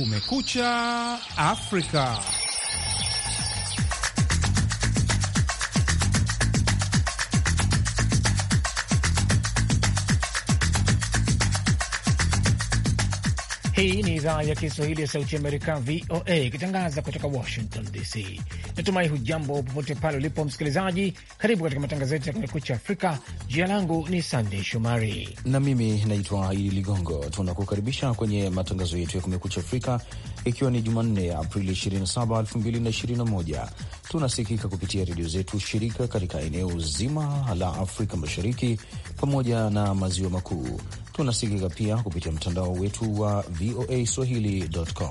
Kumekucha Afrika. idhaa ya Kiswahili ya Sauti Amerika, VOA, ikitangaza kutoka Washington DC. Natumai hujambo popote pale ulipo msikilizaji. Karibu katika matangazo yetu ya Kumekucha Afrika. Jina langu ni Sandey Shomari na mimi naitwa Idi Ligongo. Tunakukaribisha kwenye matangazo yetu ya Kumekucha Afrika, ikiwa ni Jumanne, Aprili 27, 2021. Tunasikika kupitia redio zetu shirika katika eneo zima la Afrika Mashariki pamoja na maziwa makuu Tunasikika pia kupitia mtandao wetu wa VOA Swahili.com.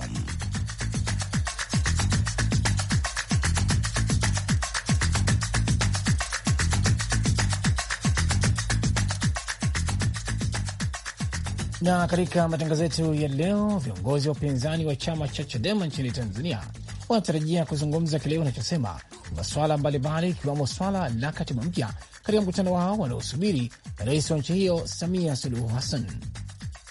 Na katika matangazo yetu ya leo, viongozi wa upinzani wa chama cha Chadema nchini Tanzania wanatarajia kuzungumza kile wanachosema masuala mbalimbali, ikiwemo swala la katiba mpya katika mkutano wao wanaosubiri rais wa nchi hiyo Samia Suluhu Hassan.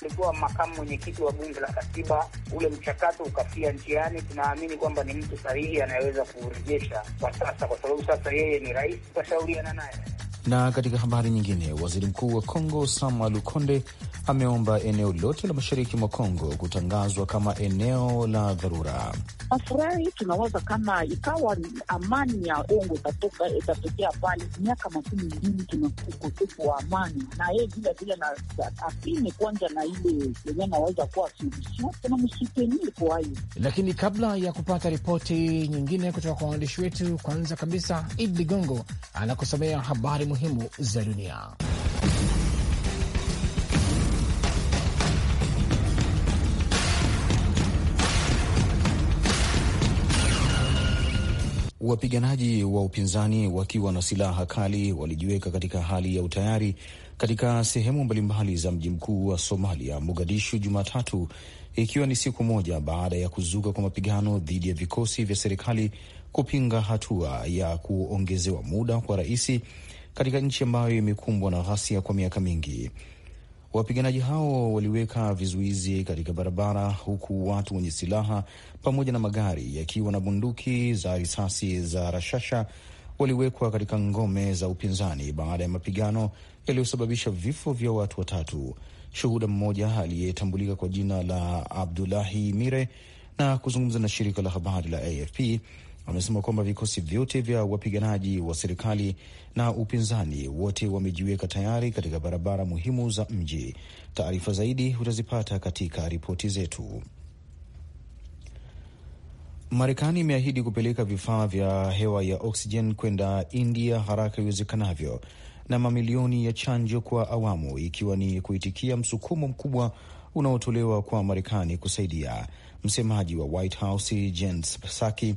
Alikuwa makamu mwenyekiti wa bunge la katiba, ule mchakato ukafia njiani. Tunaamini kwamba ni mtu sahihi anayeweza kurejesha kwa sasa, kwa sababu sasa yeye ni rais, tutashauriana naye. Na katika habari nyingine, waziri mkuu wa Kongo Sama Lukonde ameomba eneo lote la mashariki mwa Kongo kutangazwa kama eneo la dharura. Nafurahi, tunawaza kama ikawa amani ya Kongo itatokea pale. Miaka makumi mbili tuna ukosefu wa amani, na yeye vile vile na apime kwanza na ile yenye anaweza kuwa suluhisho, tunamshikenie kwa hayo. Lakini kabla ya kupata ripoti nyingine kutoka kwa waandishi wetu, kwanza kabisa Idi Ligongo anakusomea habari muhimu za dunia. Wapiganaji wa upinzani wakiwa na silaha kali walijiweka katika hali ya utayari katika sehemu mbalimbali za mji mkuu wa Somalia, Mogadishu, Jumatatu, ikiwa ni siku moja baada ya kuzuka kwa mapigano dhidi ya vikosi vya serikali kupinga hatua ya kuongezewa muda kwa raisi katika nchi ambayo imekumbwa na ghasia kwa miaka mingi. Wapiganaji hao waliweka vizuizi katika barabara, huku watu wenye silaha pamoja na magari yakiwa na bunduki za risasi za rashasha waliwekwa katika ngome za upinzani baada ya mapigano yaliyosababisha vifo vya watu watatu. Shuhuda mmoja aliyetambulika kwa jina la Abdulahi Mire na kuzungumza na shirika la habari la AFP amesema kwamba vikosi vyote vya wapiganaji wa serikali na upinzani wote wamejiweka tayari katika barabara muhimu za mji. Taarifa zaidi utazipata katika ripoti zetu. Marekani imeahidi kupeleka vifaa vya hewa ya oksijen kwenda India haraka iwezekanavyo na mamilioni ya chanjo kwa awamu, ikiwa ni kuitikia msukumo mkubwa unaotolewa kwa Marekani kusaidia. Msemaji wa White House Jen Psaki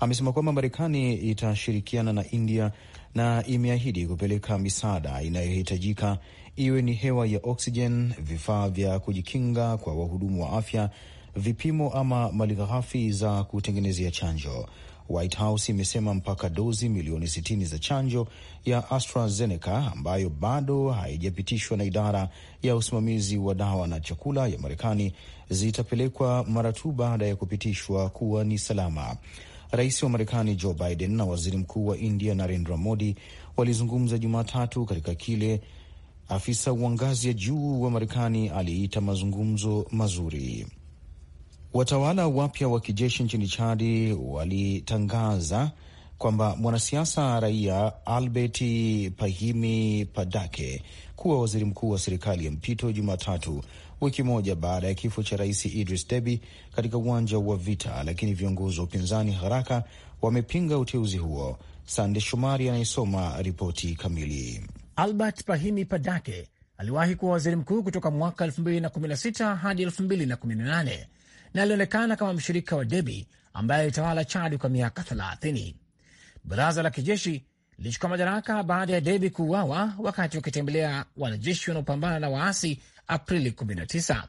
amesema kwamba Marekani itashirikiana na India na imeahidi kupeleka misaada inayohitajika, iwe ni hewa ya oksijen, vifaa vya kujikinga kwa wahudumu wa afya, vipimo ama malighafi za kutengenezea chanjo. White House imesema mpaka dozi milioni 60 za chanjo ya AstraZeneca ambayo bado haijapitishwa na idara ya usimamizi wa dawa na chakula ya Marekani zitapelekwa mara tu baada ya kupitishwa kuwa ni salama. Rais wa Marekani Joe Biden na waziri mkuu wa India Narendra Modi walizungumza Jumatatu katika kile afisa wa ngazi ya juu wa Marekani aliita mazungumzo mazuri. Watawala wapya wa kijeshi nchini Chadi walitangaza kwamba mwanasiasa raia Albert Pahimi Padake kuwa waziri mkuu wa serikali ya mpito Jumatatu, wiki moja baada ya kifo cha rais Idris Deby katika uwanja wa vita, lakini viongozi wa upinzani haraka wamepinga uteuzi huo. Sande Shomari anayesoma ripoti kamili. Albert Pahimi Padake aliwahi kuwa waziri mkuu kutoka mwaka 2016 hadi 2018 na alionekana kama mshirika wa Deby ambaye alitawala Chadi kwa miaka 30. Baraza la kijeshi lilichukua madaraka baada ya Deby kuuawa wakati wakitembelea wanajeshi wanaopambana na waasi Aprili 19.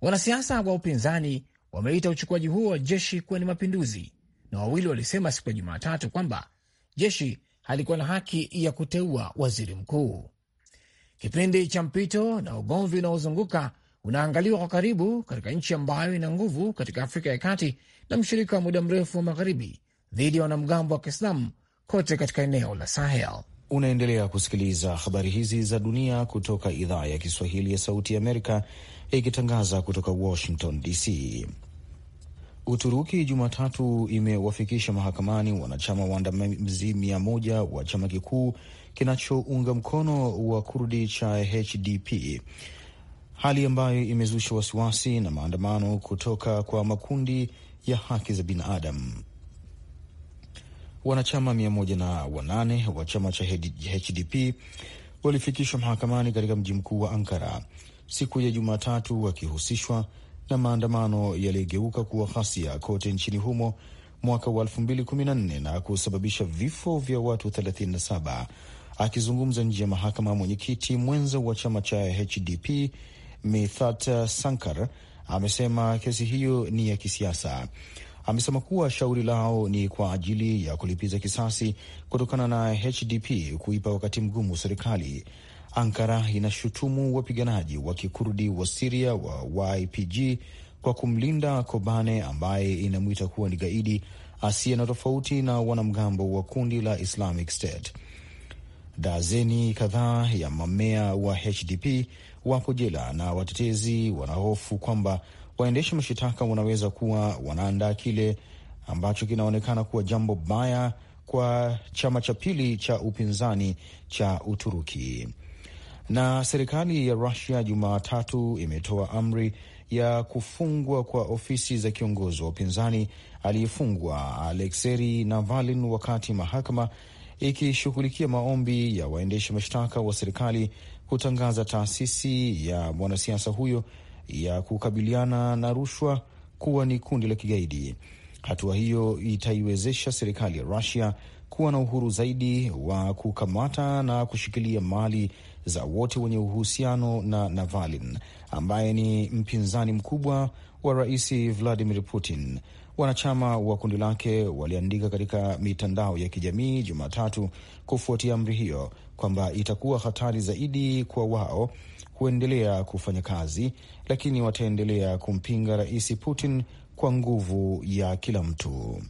Wanasiasa wa upinzani wameita uchukuaji huo wa jeshi kuwa ni mapinduzi, na wawili walisema siku ya Jumatatu kwamba jeshi halikuwa na haki ya kuteua waziri mkuu. Kipindi cha mpito na ugomvi unaozunguka unaangaliwa kwa karibu katika nchi ambayo ina nguvu katika Afrika ya Kati na mshirika wa muda mrefu wa Magharibi dhidi ya wanamgambo wa Kiislamu kote katika eneo la Sahel. Unaendelea kusikiliza habari hizi za dunia kutoka idhaa ya Kiswahili ya Sauti ya Amerika ikitangaza kutoka Washington DC. Uturuki Jumatatu imewafikisha mahakamani wanachama waandamizi mia moja wa chama kikuu kinachounga mkono wa Kurdi cha HDP, hali ambayo imezusha wasiwasi na maandamano kutoka kwa makundi ya haki za binadamu wanachama mia moja na wanane wa chama cha HDP walifikishwa mahakamani katika mji mkuu wa Ankara siku ya Jumatatu wakihusishwa na maandamano yaliyogeuka kuwa ghasia kote nchini humo mwaka wa 2014 na kusababisha vifo vya watu 37. Akizungumza nje ya mahakama, mwenyekiti mwenza wa chama cha HDP Mithat Sankar amesema kesi hiyo ni ya kisiasa amesema kuwa shauri lao ni kwa ajili ya kulipiza kisasi kutokana na HDP kuipa wakati mgumu serikali. Ankara inashutumu wapiganaji wa kikurdi wa Siria wa YPG kwa kumlinda Kobane ambaye inamwita kuwa ni gaidi asiye na tofauti na wanamgambo wa kundi la Islamic State. Dazeni kadhaa ya mamea wa HDP wapo jela na watetezi wanahofu kwamba waendesha mashitaka wanaweza kuwa wanaandaa kile ambacho kinaonekana kuwa jambo baya kwa chama cha pili cha upinzani cha Uturuki. Na serikali ya Rusia Jumatatu imetoa amri ya kufungwa kwa ofisi za kiongozi wa upinzani aliyefungwa Alekseri navalin wakati mahakama ikishughulikia maombi ya waendesha mashtaka wa serikali kutangaza taasisi ya mwanasiasa huyo ya kukabiliana na rushwa kuwa ni kundi la kigaidi. Hatua hiyo itaiwezesha serikali ya Rusia kuwa na uhuru zaidi wa kukamata na kushikilia mali za wote wenye uhusiano na navalin ambaye ni mpinzani mkubwa wa Rais Vladimir Putin. Wanachama wa kundi lake waliandika katika mitandao ya kijamii Jumatatu kufuatia amri hiyo kwamba itakuwa hatari zaidi kwa wao kuendelea kufanya kazi, lakini wataendelea kumpinga Rais Putin kwa nguvu ya kila mtu.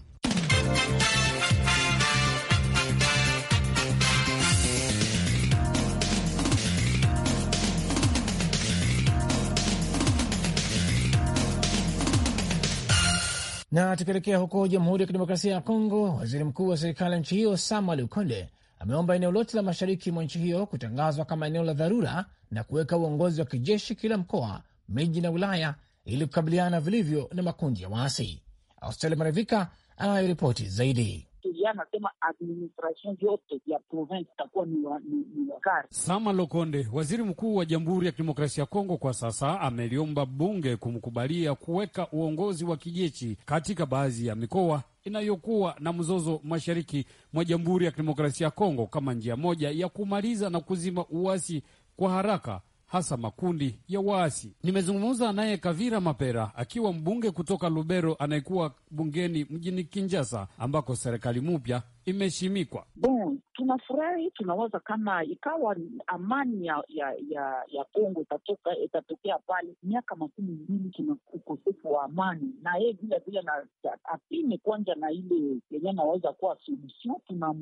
Na tukielekea huko Jamhuri ya Kidemokrasia ya Kongo, waziri mkuu wa serikali ya nchi hiyo Sama Lukonde ameomba eneo lote la mashariki mwa nchi hiyo kutangazwa kama eneo la dharura na kuweka uongozi wa kijeshi kila mkoa, miji na wilaya ili kukabiliana vilivyo na makundi ya waasi. Australia Marevika anayo ripoti zaidi anasema administration yote ya province itakuwa ni wakari. Sama Lokonde, waziri mkuu wa Jamhuri ya Kidemokrasia ya Kongo, kwa sasa ameliomba bunge kumkubalia kuweka uongozi wa kijeshi katika baadhi ya mikoa inayokuwa na mzozo mashariki mwa Jamhuri ya Kidemokrasia ya Kongo kama njia moja ya kumaliza na kuzima uasi kwa haraka hasa makundi ya waasi. Nimezungumza naye Kavira Mapera akiwa mbunge kutoka Lubero anayekuwa bungeni mjini kinjasa ambako serikali mpya imeshimikwa. Bon, tunafurahi, tunawaza kama ikawa amani ya ya ya, ya Kongo itatoka itatokea pale miaka makumi mbili, kuna ukosefu wa amani na yeye vile vile na apime kwanja na ile yenye anaweza kuwa solution, tuna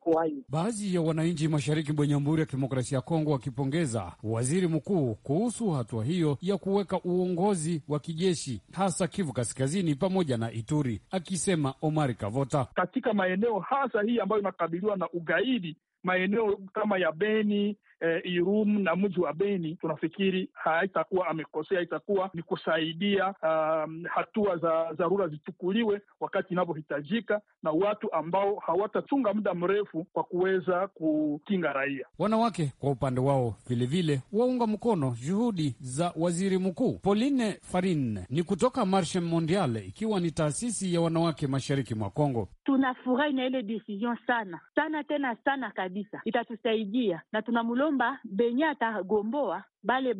kwa hayo. Baadhi ya wananchi mashariki mwa Jamhuri ya Kidemokrasia ya Kongo wakipongeza waziri mkuu kuhusu hatua hiyo ya kuweka uongozi wa kijeshi hasa Kivu Kaskazini pamoja na Ituri, akisema Omari Kavota katika maeneo hasa hii ambayo inakabiliwa na ugaidi, maeneo kama ya Beni E, Irum na mji wa Beni tunafikiri haitakuwa amekosea, itakuwa ni kusaidia um, hatua za dharura zichukuliwe wakati inavyohitajika na watu ambao hawatachunga muda mrefu kwa kuweza kukinga raia. Wanawake kwa upande wao vilevile waunga mkono juhudi za waziri mkuu Pauline Farin ni kutoka Marche Mondiale, ikiwa ni taasisi ya wanawake mashariki mwa Kongo tunafurahi na ile decision sana sana tena sana kabisa, itatusaidia na tunamlomba benye atagomboa bale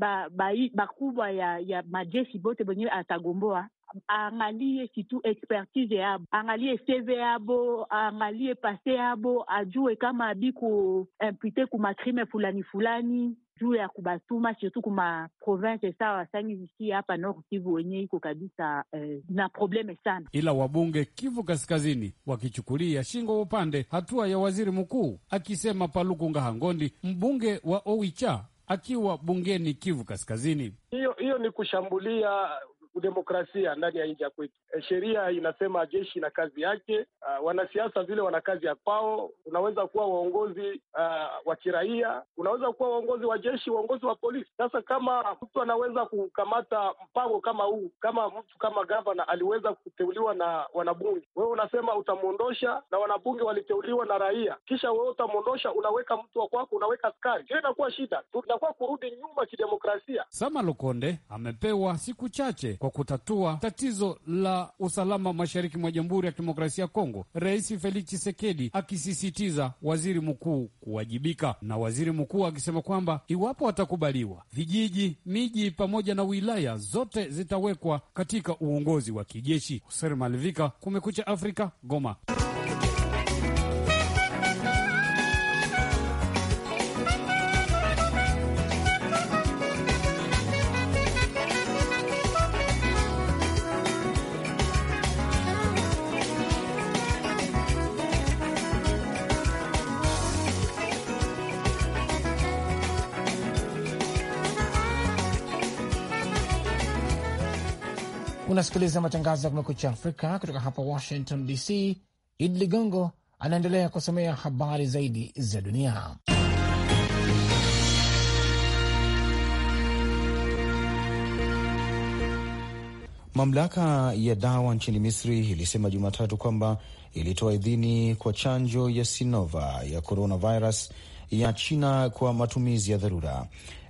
bakubwa ba, ba ya, ya majeshi bote benye atagomboa angalie kitu expertise yabo, angalie CV yabo, angalie pase yabo, ajue kama bikuimplike kumakrime fulani fulani juu ya kubatuma surtout kuma province saa sangi zisi hapa Nord Kivu wenye iko kabisa eh, na probleme sana. Ila wabunge Kivu Kaskazini wakichukulia shingo upande hatua ya waziri mkuu akisema Paluku Ngahangondi mbunge wa Owicha akiwa bungeni Kivu Kaskazini, hiyo hiyo ni kushambulia udemokrasia ndani ya nji ya kwetu. E, sheria inasema jeshi ina kazi yake. Ah, wanasiasa vile wana kazi ya kwao. Unaweza kuwa waongozi ah, wa kiraia, unaweza kuwa waongozi wa jeshi, waongozi wa polisi. Sasa kama mtu anaweza kukamata mpango kama huu, kama mtu kama gavana aliweza kuteuliwa na wanabunge, wewe unasema utamwondosha, na wanabunge waliteuliwa na raia, kisha wewe utamwondosha, unaweka mtu wa kwako, unaweka askari, hiyo inakuwa shida, tunakuwa kurudi nyuma kidemokrasia. Sama Lukonde amepewa siku chache kwa kutatua tatizo la usalama mashariki mwa Jamhuri ya Kidemokrasia ya Kongo, Rais Felix Tshisekedi akisisitiza waziri mkuu kuwajibika, na waziri mkuu akisema kwamba iwapo watakubaliwa, vijiji, miji pamoja na wilaya zote zitawekwa katika uongozi wa kijeshi. Hoser Malivika, Kumekucha Afrika, Goma. Unasikiliza matangazo ya Kumekucha Afrika kutoka hapa Washington DC. Idi Ligongo anaendelea kusomea habari zaidi za dunia. Mamlaka ya dawa nchini Misri ilisema Jumatatu kwamba ilitoa idhini kwa chanjo ya Sinova ya coronavirus ya China kwa matumizi ya dharura.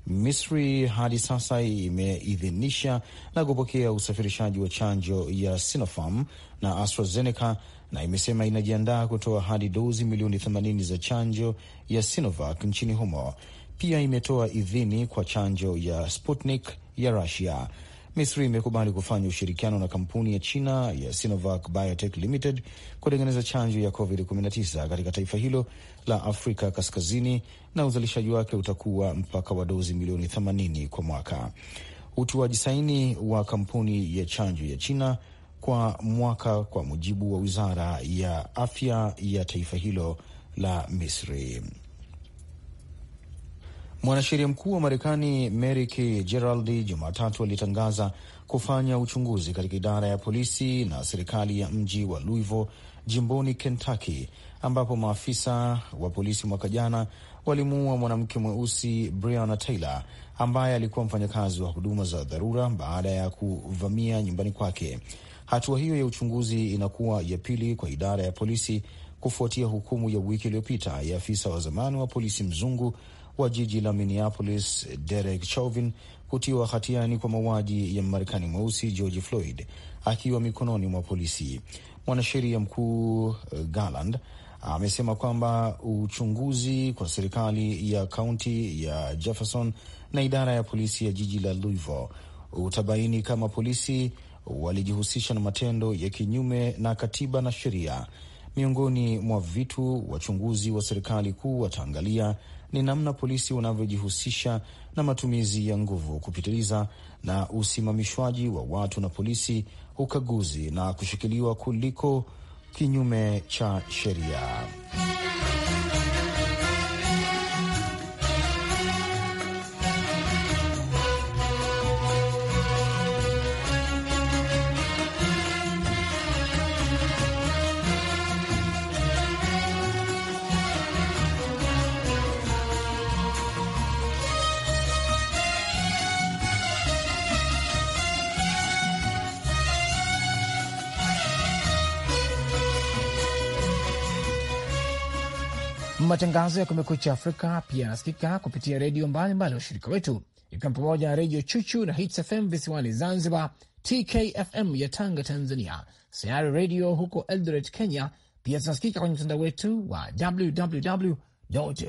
Misri hadi sasa imeidhinisha na kupokea usafirishaji wa chanjo ya Sinopharm na AstraZeneca na imesema inajiandaa kutoa hadi dozi milioni 80 za chanjo ya Sinovac nchini humo. Pia imetoa idhini kwa chanjo ya Sputnik ya Rusia. Misri imekubali kufanya ushirikiano na kampuni ya China ya Sinovac Biotech Limited kutengeneza chanjo ya COVID-19 katika taifa hilo la Afrika Kaskazini, na uzalishaji wake utakuwa mpaka wa dozi milioni 80 kwa mwaka. utuaji saini wa kampuni ya chanjo ya China kwa mwaka, kwa mujibu wa wizara ya afya ya taifa hilo la Misri. Mwanasheria mkuu wa Marekani Merrick geraldi Jumatatu alitangaza kufanya uchunguzi katika idara ya polisi na serikali ya mji wa Louisville jimboni Kentucky, ambapo maafisa wa polisi mwaka jana walimuua mwanamke mweusi Breonna Taylor ambaye alikuwa mfanyakazi wa huduma za dharura baada ya kuvamia nyumbani kwake. Hatua hiyo ya uchunguzi inakuwa ya pili kwa idara ya polisi kufuatia hukumu ya wiki iliyopita ya afisa wa zamani wa polisi mzungu wa jiji la Minneapolis Derek Chauvin kutiwa hatiani kwa mauaji ya Mmarekani mweusi George Floyd akiwa mikononi mwa polisi. Mwanasheria mkuu eh, Garland amesema kwamba uchunguzi kwa serikali ya kaunti ya Jefferson na idara ya polisi ya jiji la Louisville utabaini kama polisi walijihusisha na matendo ya kinyume na katiba na sheria. Miongoni mwa vitu wachunguzi wa serikali kuu wataangalia ni namna polisi wanavyojihusisha na matumizi ya nguvu kupitiliza na usimamishwaji wa watu na polisi, ukaguzi na kushikiliwa kuliko kinyume cha sheria. Matangazo ya Kumekucha Afrika pia yanasikika kupitia redio mbalimbali ya ushirika wetu, ikiwa ni pamoja na Redio Chuchu na Hits FM visiwani Zanzibar, TKFM ya Tanga, Tanzania, Sayari Redio huko Eldoret, Kenya. Pia zinasikika kwenye mtandao wetu wa www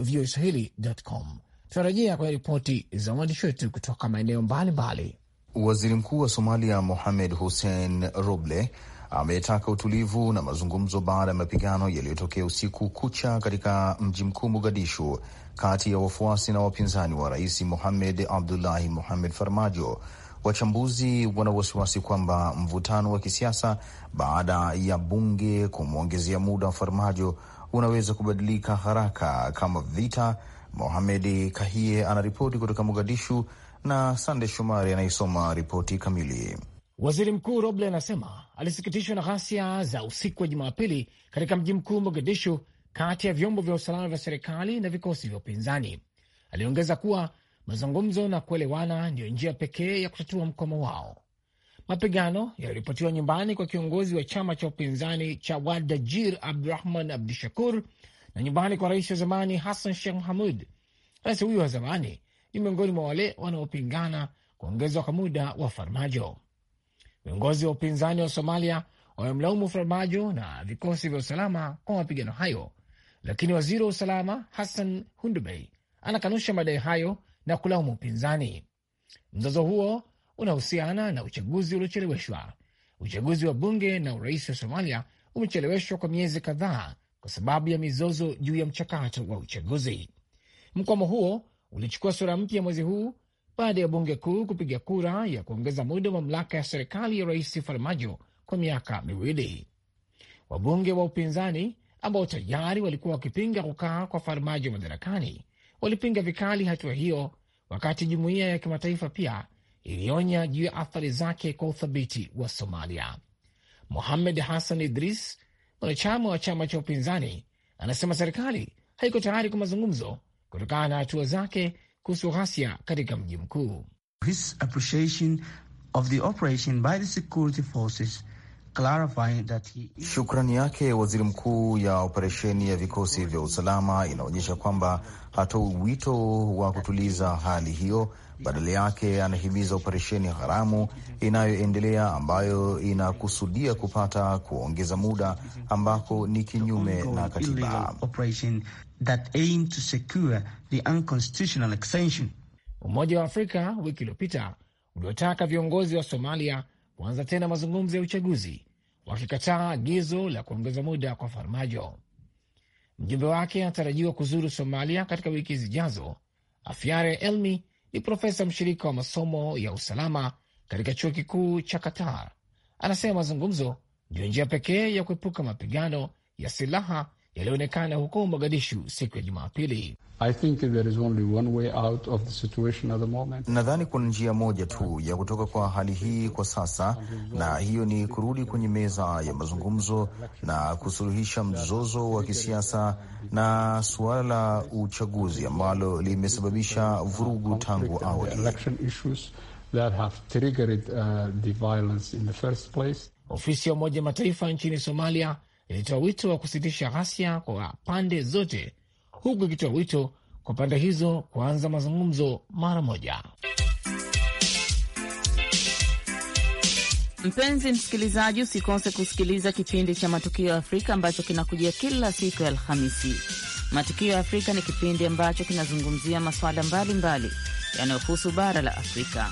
voa swahili com. Tunarejea kwenye ripoti za mwandishi wetu kutoka maeneo mbalimbali. Waziri Mkuu wa Somalia Mohamed Hussein Roble ametaka utulivu na mazungumzo baada ya mapigano yaliyotokea usiku kucha katika mji mkuu Mogadishu kati ya wafuasi na wapinzani wa rais Mohamed Abdullahi Mohamed Farmajo. Wachambuzi wana wasiwasi kwamba mvutano wa kisiasa baada ya bunge kumwongezea muda wa Farmajo unaweza kubadilika haraka kama vita. Mohamedi Kahie anaripoti kutoka Mogadishu na Sande Shomari anayesoma ripoti kamili. Waziri Mkuu Roble anasema alisikitishwa na ghasia za usiku wa Jumapili katika mji mkuu Mogadishu, kati ya vyombo vya usalama vya serikali na vikosi vya upinzani. Aliongeza kuwa mazungumzo na kuelewana ndiyo njia pekee ya kutatua mkomo wao. Mapigano yaliripotiwa nyumbani kwa kiongozi wa chama cha upinzani cha Wadajir Abdurahman Abdishakur na nyumbani kwa rais wa zamani Hassan Sheikh Mahamud. Rais huyo wa zamani ni miongoni mwa wale wanaopingana kuongezwa kwa muda wa farmajo. Viongozi wa upinzani wa Somalia wamemlaumu Farmajo na vikosi vya usalama kwa mapigano hayo, lakini waziri wa usalama Hassan Hundubei anakanusha madai hayo na kulaumu upinzani. Mzozo huo unahusiana na uchaguzi uliocheleweshwa. Uchaguzi wa bunge na urais wa Somalia umecheleweshwa kwa miezi kadhaa kwa sababu ya mizozo juu ya mchakato wa uchaguzi. Mkwamo huo ulichukua sura mpya mwezi huu baada ya bunge kuu kupiga kura ya kuongeza muda wa mamlaka ya serikali ya rais Farmajo kwa miaka miwili. Wabunge wa upinzani ambao tayari walikuwa wakipinga kukaa kwa Farmajo madarakani walipinga vikali hatua hiyo, wakati jumuiya ya kimataifa pia ilionya juu ya athari zake kwa uthabiti wa Somalia. Mohamed Hassan Idris, mwanachama wa chama cha upinzani, anasema serikali haiko tayari kwa mazungumzo kutokana na hatua zake kuhusu ghasia katika mji mkuu. He... shukrani yake waziri mkuu ya operesheni ya vikosi vya usalama inaonyesha kwamba hatoi wito wa kutuliza hali hiyo, badala yake anahimiza operesheni haramu inayoendelea ambayo inakusudia kupata kuongeza muda ambako ni kinyume na katiba that aim to secure the unconstitutional extension. Umoja wa Afrika wiki iliyopita uliotaka viongozi wa Somalia kuanza tena mazungumzo ya uchaguzi wakikataa agizo la kuongeza muda kwa Farmajo. Mjumbe wake anatarajiwa kuzuru Somalia katika wiki zijazo. Afiare Elmi ni profesa mshirika wa masomo ya usalama katika chuo kikuu cha Qatar. Anasema mazungumzo ndiyo njia pekee ya kuepuka mapigano ya silaha yaliyoonekana huko Mogadishu siku ya Jumapili. Nadhani kuna njia moja tu ya kutoka kwa hali hii kwa sasa, na hiyo ni kurudi kwenye meza ya mazungumzo na kusuluhisha mzozo wa kisiasa na suala la uchaguzi ambalo limesababisha vurugu tangu awali. Uh, Ofisi ya Umoja Mataifa nchini Somalia ilitoa wito wa kusitisha ghasia kwa pande zote, huku ikitoa wito kwa pande hizo kuanza mazungumzo mara moja. Mpenzi msikilizaji, usikose kusikiliza kipindi cha Matukio ya Afrika ambacho kinakujia kila siku ya Alhamisi. Matukio ya Afrika ni kipindi ambacho kinazungumzia masuala mbalimbali yanayohusu bara la Afrika.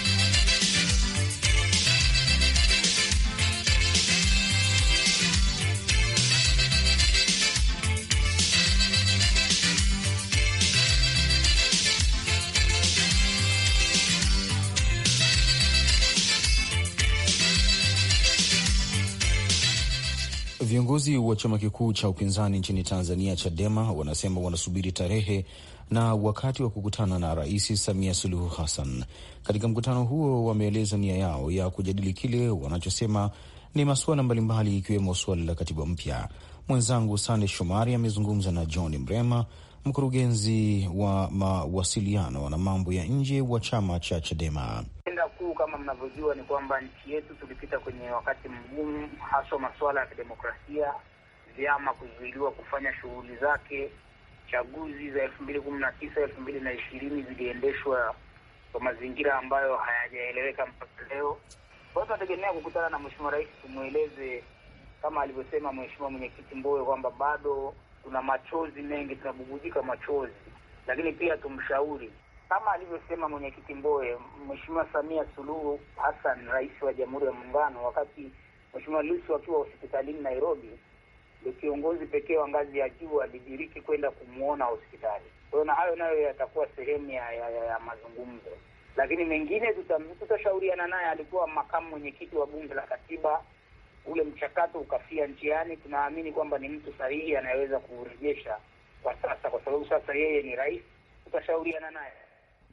Viongozi wa chama kikuu cha upinzani nchini Tanzania, Chadema, wanasema wanasubiri tarehe na wakati wa kukutana na Rais Samia Suluhu Hassan. Katika mkutano huo, wameeleza nia yao ya kujadili kile wanachosema ni masuala mbalimbali, ikiwemo suala la katiba mpya. Mwenzangu Sande Shomari amezungumza na John Mrema, mkurugenzi wa mawasiliano na mambo ya nje wa chama cha Chadema. Enda kuu kama mnavyojua ni kwamba nchi yetu tulipita kwenye wakati mgumu, haswa masuala ya kidemokrasia, vyama kuzuiliwa kufanya shughuli zake. Chaguzi za elfu mbili kumi na tisa elfu mbili na ishirini ziliendeshwa kwa mazingira ambayo hayajaeleweka mpaka leo. Kwa hiyo tunategemea kukutana na Mheshimiwa Rais tumweleze kama alivyosema Mheshimiwa Mwenyekiti Mbowe kwamba bado tuna machozi mengi, tunabubujika machozi, lakini pia tumshauri kama alivyosema mwenyekiti mboye Mheshimiwa Samia Suluhu Hassan, rais wa Jamhuri ya Muungano, wakati Mheshimiwa Lissu akiwa hospitalini Nairobi, ndio kiongozi pekee wa ngazi ya juu alidiriki kwenda kumwona hospitali. Kwa hiyo na hayo nayo yatakuwa sehemu ya, ya, ya, ya mazungumzo, lakini mengine tutashauriana naye. Alikuwa makamu mwenyekiti wa bunge la katiba ule mchakato ukafia njiani, tunaamini kwamba ni mtu sahihi anayeweza kurejesha kwa sasa, kwa sababu sasa yeye ni rais, tutashauriana naye.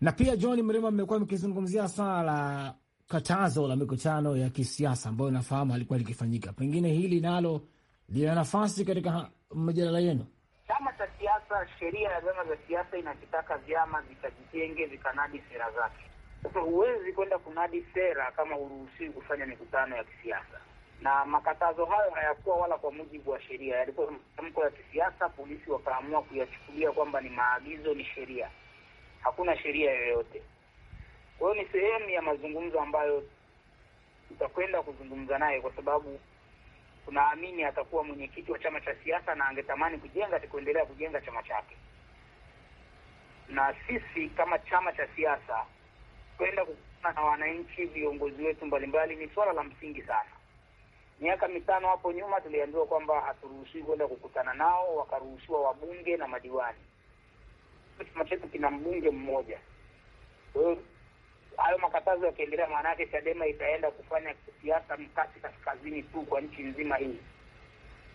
Na pia John Mrema, mmekuwa mkizungumzia swala la katazo la mikutano ya kisiasa ambayo nafahamu halikuwa likifanyika, pengine hili nalo lina nafasi katika mjadala yenu? Chama cha siasa, sheria ya vyama vya siasa inakitaka vyama vikajitenge, vikanadi sera zake. Sasa huwezi kwenda kunadi sera kama huruhusiwi kufanya mikutano ya kisiasa na makatazo hayo hayakuwa wala kwa mujibu wa sheria, yalikuwa matamko ya kisiasa. Polisi wakaamua kuyachukulia kwamba ni maagizo, ni sheria. Hakuna sheria yoyote. Kwa hiyo ni sehemu ya mazungumzo ambayo tutakwenda kuzungumza naye, kwa sababu tunaamini atakuwa mwenyekiti wa chama cha siasa na angetamani kujenga kuendelea kujenga chama chake, na sisi kama chama cha siasa kwenda kukutana na wananchi, viongozi wetu mbalimbali, ni suala la msingi sana Miaka mitano hapo nyuma tuliambiwa kwamba haturuhusiwi kwenda kukutana nao, wakaruhusiwa wabunge na madiwani. Chama chetu kina mbunge mmoja. Kwa hiyo hayo makatazo yakiendelea, maana yake Chadema itaenda kufanya siasa mkati kaskazini tu kwa nchi nzima hii.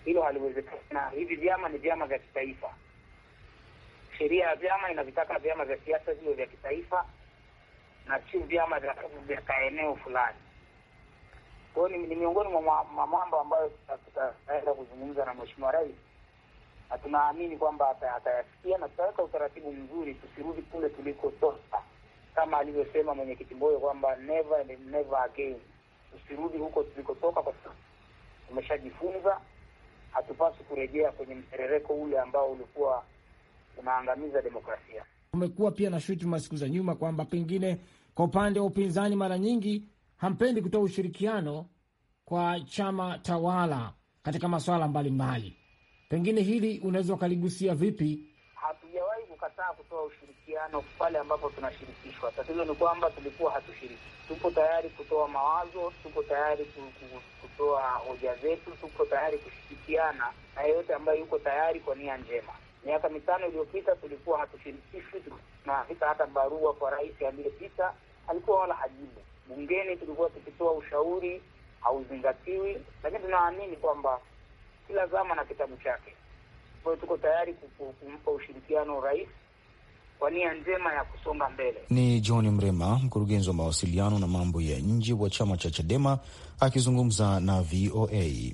Hilo haliwezekani, na hivi vyama ni vyama vya kitaifa. Sheria ya vyama inavitaka vyama vya siasa vio vya kitaifa na sio vyama vya kaeneo fulani. Kwa hiyo ni miongoni mwa mambo ambayo tutaenda kuzungumza na Mheshimiwa Rais na tunaamini kwamba atayasikia na tutaweka utaratibu mzuri, tusirudi kule tulikotoka, kama alivyosema mwenyekiti mboyo kwamba never and never again, tusirudi huko tulikotoka, kwa sababu tumeshajifunza. Hatupaswi kurejea kwenye mterereko ule ambao ulikuwa unaangamiza demokrasia. Umekuwa pia na shutuma siku za nyuma kwamba pengine kwa upande wa upinzani mara nyingi hampendi kutoa ushirikiano kwa chama tawala katika masuala mbalimbali. Pengine hili unaweza ukaligusia vipi? Hatujawahi kukataa kutoa ushirikiano pale ambapo tunashirikishwa. Tatizo ni kwamba tulikuwa hatushiriki. Tupo tayari kutoa mawazo, tupo tayari kutoa hoja zetu, tupo tayari kushirikiana na yeyote ambaye yuko tayari kwa nia njema. Miaka mitano iliyopita tulikuwa hatushirikishwi, tunafika hata barua kwa rais aliyepita alikuwa wala hajibu bungeni tulikuwa tukitoa ushauri hauzingatiwi, lakini tunaamini kwamba kila zama na kitabu chake. Kwa hiyo tuko tayari kumpa ushirikiano rais kwa nia njema ya kusonga mbele. Ni John Mrema, mkurugenzi wa mawasiliano na mambo ya nje wa chama cha Chadema akizungumza na VOA.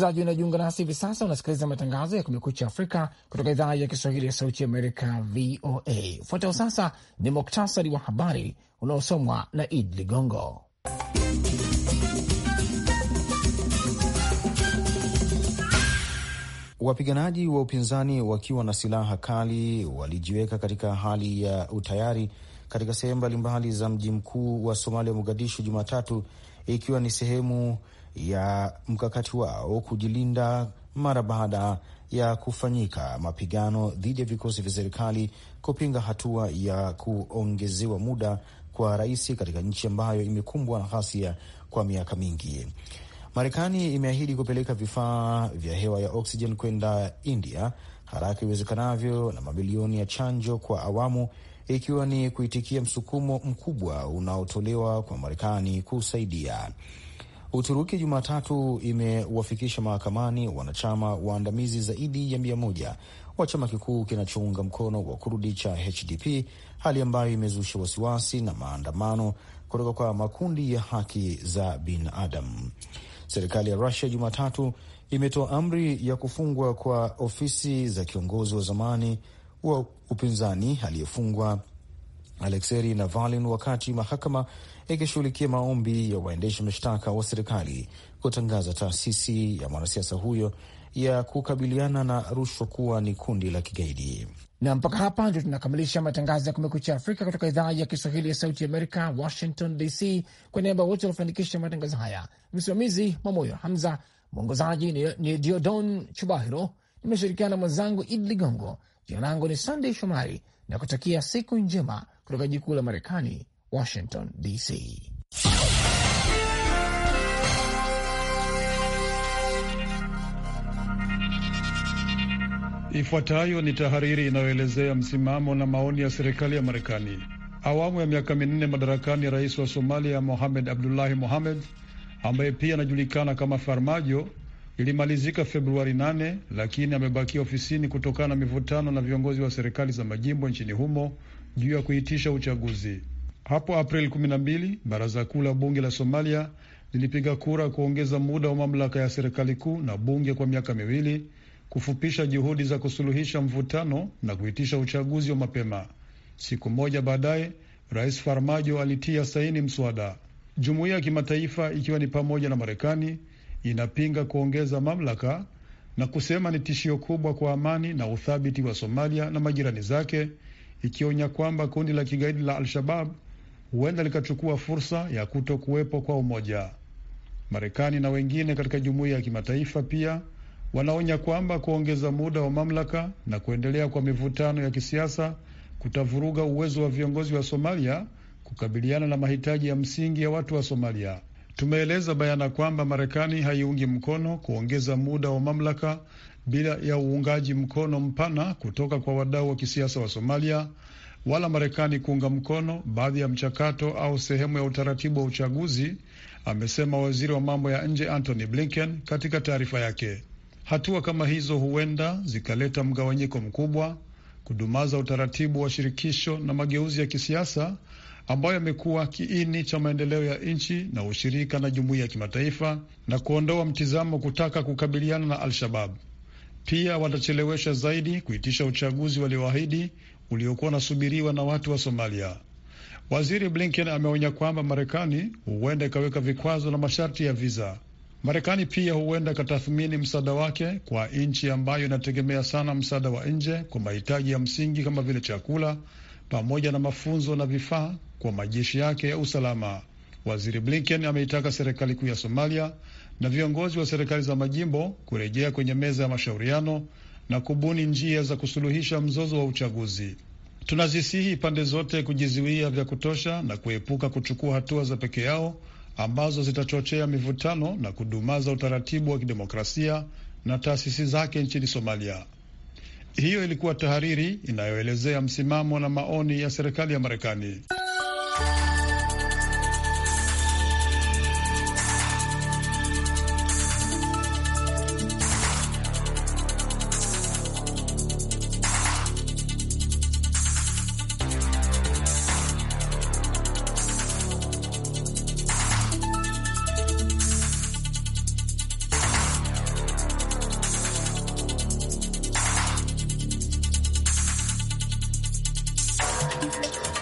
Msikilizaji unajiunga nasi hivi sasa, unasikiliza matangazo ya Kumekucha Afrika kutoka idhaa ya Kiswahili ya Sauti Amerika, VOA. Ufuatao sasa ni muktasari wa habari unaosomwa na Id Ligongo. Wapiganaji wa upinzani wakiwa na silaha kali walijiweka katika hali ya utayari katika sehemu mbalimbali za mji mkuu wa Somalia, Mogadishu, Jumatatu ikiwa ni sehemu ya mkakati wao kujilinda mara baada ya kufanyika mapigano dhidi ya vikosi vya serikali kupinga hatua ya kuongezewa muda kwa rais katika nchi ambayo imekumbwa na ghasia kwa miaka mingi. Marekani imeahidi kupeleka vifaa vya hewa ya oksijeni kwenda India haraka iwezekanavyo na mabilioni ya chanjo kwa awamu ikiwa ni kuitikia msukumo mkubwa unaotolewa kwa Marekani kusaidia Uturuki Jumatatu imewafikisha mahakamani wanachama waandamizi zaidi ya mia moja wa chama kikuu kinachounga mkono wa Kurdi cha HDP, hali ambayo imezusha wasiwasi na maandamano kutoka kwa makundi ya haki za binadamu. Serikali ya Rusia Jumatatu imetoa amri ya kufungwa kwa ofisi za kiongozi wa zamani wa upinzani aliyefungwa Aleksei Navalny wakati mahakama ikishughulikia maombi ya waendesha mashtaka wa serikali kutangaza taasisi ya mwanasiasa huyo ya kukabiliana na rushwa kuwa ni kundi la kigaidi. Na mpaka hapa ndio tunakamilisha matangazo ya Kumekucha Afrika kutoka idhaa ya Kiswahili ya Sauti Amerika, Washington DC. Kwa niaba wote waliofanikisha matangazo haya, msimamizi Mwamoyo Hamza, mwongozaji ni Diodon Chubahiro, nimeshirikiana na mwenzangu Idi Ligongo. Jina langu ni Sandey Shomari na kutakia siku njema kutoka jikuu la Marekani, Washington DC. Ifuatayo ni tahariri inayoelezea msimamo na maoni ya serikali ya Marekani. Awamu ya miaka minne madarakani, rais wa Somalia Mohamed Abdullahi Mohamed ambaye pia anajulikana kama Farmajo ilimalizika Februari 8 lakini amebakia ofisini kutokana na mivutano na viongozi wa serikali za majimbo nchini humo juu ya kuitisha uchaguzi. Hapo Aprili 12 baraza kuu la bunge la Somalia lilipiga kura kuongeza muda wa mamlaka ya serikali kuu na bunge kwa miaka miwili, kufupisha juhudi za kusuluhisha mvutano na kuitisha uchaguzi wa mapema. Siku moja baadaye, Rais Farmajo alitia saini mswada. Jumuiya ya kimataifa ikiwa ni pamoja na Marekani inapinga kuongeza mamlaka na kusema ni tishio kubwa kwa amani na uthabiti wa Somalia na majirani zake, ikionya kwamba kundi la kigaidi la Al-Shabab huenda likachukua fursa ya kuto kuwepo kwa umoja. Marekani na wengine katika jumuiya ya kimataifa pia wanaonya kwamba kuongeza muda wa mamlaka na kuendelea kwa mivutano ya kisiasa kutavuruga uwezo wa viongozi wa Somalia kukabiliana na mahitaji ya msingi ya watu wa Somalia. Tumeeleza bayana kwamba Marekani haiungi mkono kuongeza muda wa mamlaka bila ya uungaji mkono mpana kutoka kwa wadau wa kisiasa wa Somalia, wala Marekani kuunga mkono baadhi ya mchakato au sehemu ya utaratibu wa uchaguzi, amesema waziri wa mambo ya nje Antony Blinken katika taarifa yake. Hatua kama hizo huenda zikaleta mgawanyiko mkubwa, kudumaza utaratibu wa shirikisho na mageuzi ya kisiasa ambayo yamekuwa kiini cha maendeleo ya nchi na ushirika na jumuiya ya kimataifa na kuondoa mtizamo kutaka kukabiliana na Al-Shabab. Pia watachelewesha zaidi kuitisha uchaguzi walioahidi uliokuwa unasubiriwa na watu wa Somalia. Waziri Blinken ameonya kwamba Marekani huenda ikaweka vikwazo na masharti ya viza. Marekani pia huenda ikatathmini msaada wake kwa nchi ambayo inategemea sana msaada wa nje kwa mahitaji ya msingi kama vile chakula pamoja na mafunzo na vifaa kwa majeshi yake ya usalama. Waziri Blinken ameitaka serikali kuu ya Somalia na viongozi wa serikali za majimbo kurejea kwenye meza ya mashauriano na kubuni njia za kusuluhisha mzozo wa uchaguzi. Tunazisihi pande zote kujizuia vya kutosha na kuepuka kuchukua hatua za peke yao ambazo zitachochea mivutano na kudumaza utaratibu wa kidemokrasia na taasisi zake nchini Somalia. Hiyo ilikuwa tahariri inayoelezea msimamo na maoni ya serikali ya Marekani. Thank you.